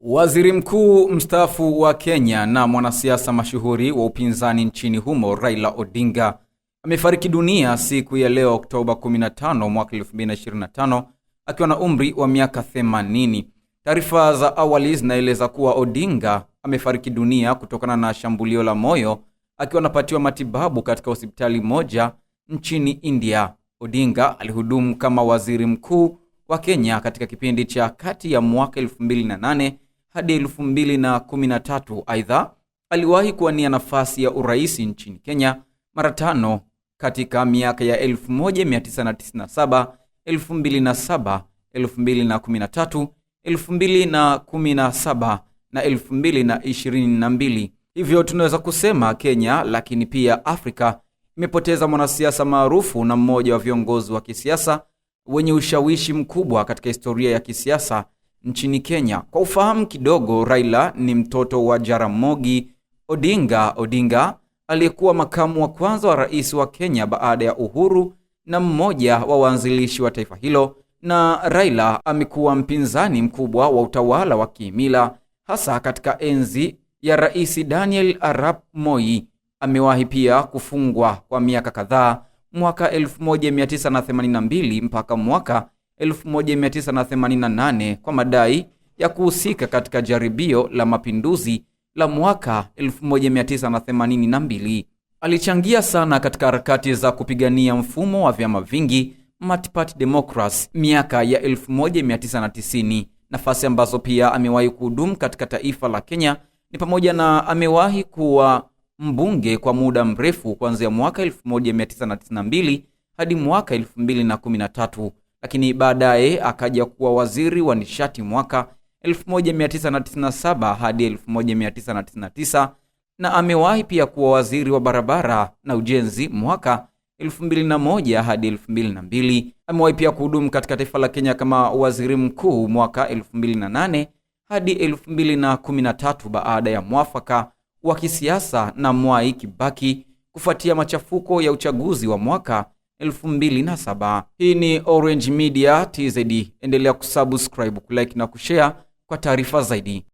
Waziri mkuu mstaafu wa Kenya na mwanasiasa mashuhuri wa upinzani nchini humo Raila Odinga amefariki dunia siku ya leo Oktoba 15 mwaka 2025 akiwa na umri wa miaka 80. Taarifa za awali zinaeleza kuwa Odinga amefariki dunia kutokana na shambulio la moyo akiwa anapatiwa matibabu katika hospitali moja nchini India. Odinga alihudumu kama waziri mkuu wa Kenya katika kipindi cha kati ya mwaka 2008 hadi 2013. Aidha, aliwahi kuwania nafasi ya urais nchini Kenya mara tano katika miaka ya 1997, 2007, 2013, 2017 na 2022. Hivyo tunaweza kusema Kenya, lakini pia Afrika imepoteza mwanasiasa maarufu na mmoja wa viongozi wa kisiasa wenye ushawishi mkubwa katika historia ya kisiasa nchini Kenya. Kwa ufahamu kidogo, Raila ni mtoto wa Jaramogi Odinga Odinga aliyekuwa makamu wa kwanza wa rais wa Kenya baada ya uhuru na mmoja wa waanzilishi wa taifa hilo, na Raila amekuwa mpinzani mkubwa wa utawala wa kiimila hasa katika enzi ya Rais Daniel Arap Moi. Amewahi pia kufungwa kwa miaka kadhaa, mwaka 1982 mpaka mwaka 1988 kwa madai ya kuhusika katika jaribio la mapinduzi la mwaka 1982. Alichangia sana katika harakati za kupigania mfumo wa vyama vingi multi-party democracy miaka ya 1990. Nafasi ambazo pia amewahi kuhudumu katika taifa la Kenya ni pamoja na amewahi kuwa mbunge kwa muda mrefu kuanzia mwaka 1992 hadi mwaka 2013 lakini baadaye akaja kuwa waziri wa nishati mwaka 1997 hadi 1999 na amewahi pia kuwa waziri wa barabara na ujenzi mwaka 2001 hadi 2002. Amewahi pia kuhudumu katika taifa la Kenya kama waziri mkuu mwaka 2008 hadi 2013 baada ya mwafaka wa kisiasa na Mwai Kibaki kufuatia machafuko ya uchaguzi wa mwaka 2007. Hii ni Orange Media TZ. Endelea kusubscribe, kulike na kushare kwa taarifa zaidi.